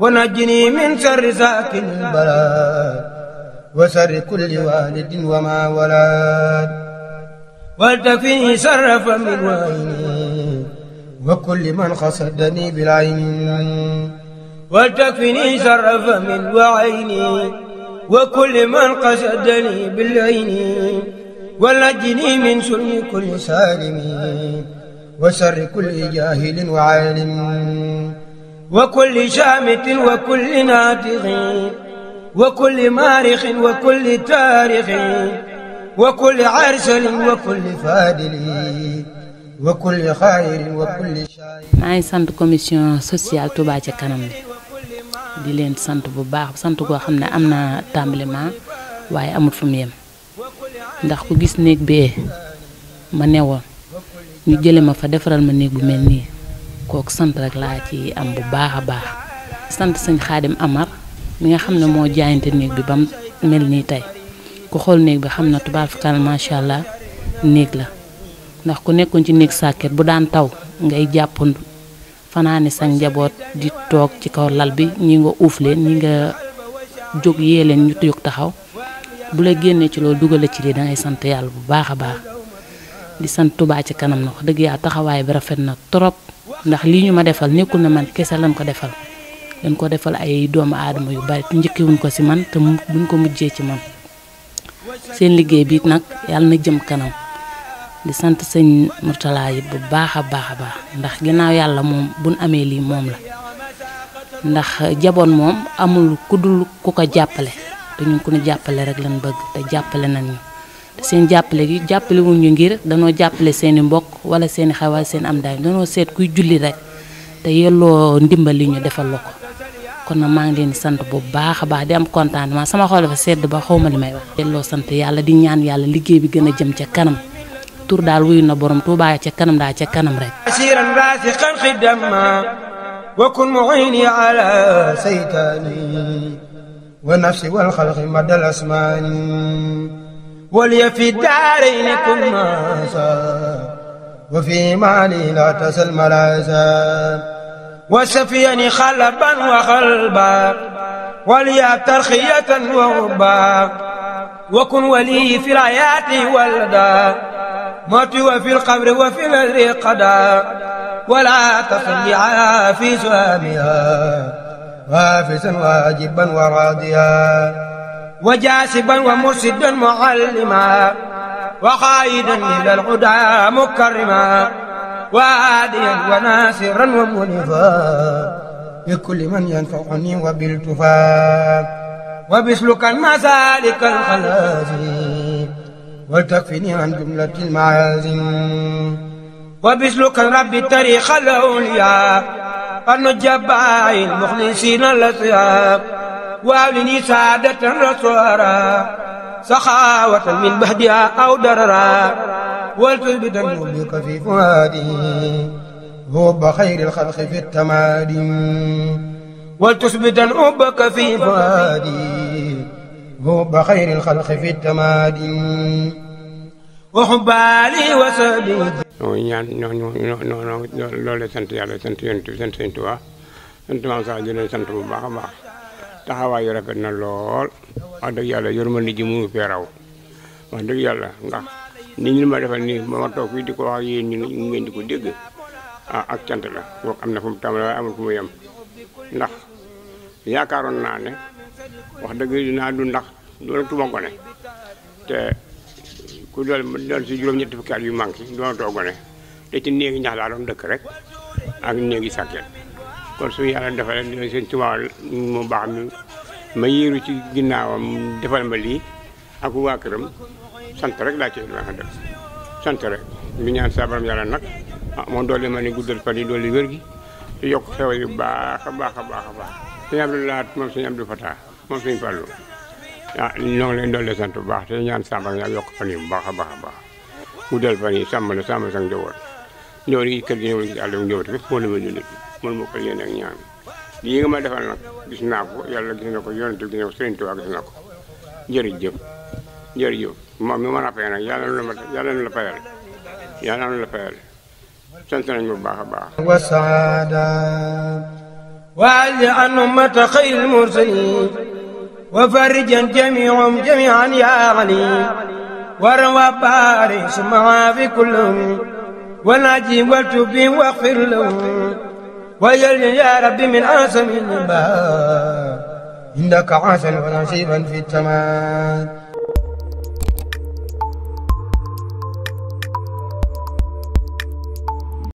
ونجني من شر ساكن البلاد وشر كل والد وما ولد والتكفي شرف من وعيني وكل من قصدني بالعين والتكفني شرف من وعيني وكل من قصدني بالعين ونجني من شر كل سالم وشر كل جاهل وعالم وكل شامت وكل ناطق وكل مارخ وكل تارخ وكل عرسل وكل فادل وكل خير maa ngi sant commission sociale Touba ci kanam bi di leen sant bu baax sant goo xam ne am na tàmbaliment waaye amul fu mu yem ndax ku gis néeg bee ma newoon ñu jële ma fa defaral ma néeg bu mel nii kooku sant rek laa ci am bu baax a baax sant sañ xaadim Amar mi nga xam ne moo jaayante néeg bi ba mel nii tey ku xool néeg bi xam na tubaarfakal macha allah néeg la ndax ku nekkoon ci néeg sàkket bu daan taw ngay jàppandu fanaani sa njaboot di toog ci kaw lal bi ñi nga uuf leen ñi nga jóg yee leen ñu jóg taxaw bu la génnee ci loolu dugale ci lii da sant yàlla bu baax a baax di sant Touba ci kanam na dëgg yàlla taxawaay bi rafet na trop. ndax lii ñu ma defal nekkul na man kese lañ ko defal dañ ko defal ay doomu aadama yu bari te njëkkewuñ ko ci man te buñ ko mujjee ci man seen liggéey bi nag yàlla na jëm kanam di sant sëñ Murtala yi bu baax a baax a baax ndax ginnaaw yàlla moom buñ amee lii moom la ndax jaboot moom amul ku dul ku ko jàppale te ñun ku ñu jàppale rek lañ bëgg te jàppale nañ ñu seen jàppale gi jàppale wuñ ñu ngir danoo jàppale seen i mbokk wala seen i xawaar seen am daay danoo seet kuy julli rek te yelloo ndimbal li ñu defal la kon na maa ngi leen di sant bu baax a baax di am contentement sama xol dafa sedd ba xaw ma li may wax. yelloo sant yàlla di ñaan yàlla liggéey bi gën a jëm ca kanam tur daal wuyu na borom Tuubaa ca kanam daal ca kanam rek. وكن معيني على سيتاني ونفسي والخلق مدى الأسمان ولي في الدارين كن ماسا وفي مالي لا تسل ملازا وسفيني خلبا وخلبا ولي ترخية وغبا وكن ولي في الحياة ولدا موت وفي القبر وفي الأجر قدا ولا تصلي على في سهامها وافسا واجبا وراضيا وجاسبا ومرشدا معلما وقائدا إلى الهدى مكرما وهاديا وناصرا ومنفا بكل من ينفعني وبالتفاق وبسلك المسالك الخلازي ولتكفني عن جملة المعازم وبسلك رب تاريخ الأولياء النجباء المخلصين الأصياب وأولني سعادة رسورا سخاوة من بهدها أو دررا والتبت المبلغ في فؤادي حب خير الخلق في التمادي ولتثبت حبك في فؤادي حب خير الخلق في التمادي وحب علي وصحبه ñaan ñoo ñoo ñoo ñoo loolu sant yàlla sant yonent sant Sëñ Tuubaa sant maam sax di leen sant bu baax a baax a taxawaay yu rafet na lool wax dëgg yàlla ma ji mu fee raw wax dëgg yàlla ndax ni ma defal nii ba ma toog fii di ko wax ak yéen ñu ngeen di ko dégg ah ak cant la boog am na fu mu tàmbalee waaye amul fu mu yem ndax yaakaaroon naa wax dëgg dinaa du ndax doona tuma gone te ku dool doon si juróom-ñetti fukki at yu manqué doona too gone te ci néegi ñax laa dëkk rek ak néegi sàkket kon su yàlla defalee seen tubaab mu baax ma yéeru ci ginnaawam defal ma lii ak waa këram sant rek laa ci wax def sant rek di ñaan saa borom yàlla nag ah, moo moom doole ma ne guddal fan yi doole wér gi te yokk xewal yu baax a baax a baax a baax sëñ Abdou moo moom sëñ Abdou Fatah moom sëñ Fallou ah ñoo ngi sant bu baax te ñaan saa borom yàlla yokk fan yi bu baax a baax a baax guddal fan yi sàmm la sàmm sang njaboot ñoor yi kër gi ñëwul ci àll bi njaboot rek moo la wér moo ak ñaan lii nga ma defal nag gis naa ko yàlla gis na ko yonent gis na ko Sëriñ Tuubaa mi mën a fay nag yàlla na ma yàlla na la fayal yàlla na la fayal sant bu baax a baax anu mata xayril wa farijan jamiihum jamiihan yaa ali warwa baari sumaa fi kullum wa najim wa tubi wa xfir lahum وجلني يا ربي من أعظم النبات إنك عاس ونصيبا في التمام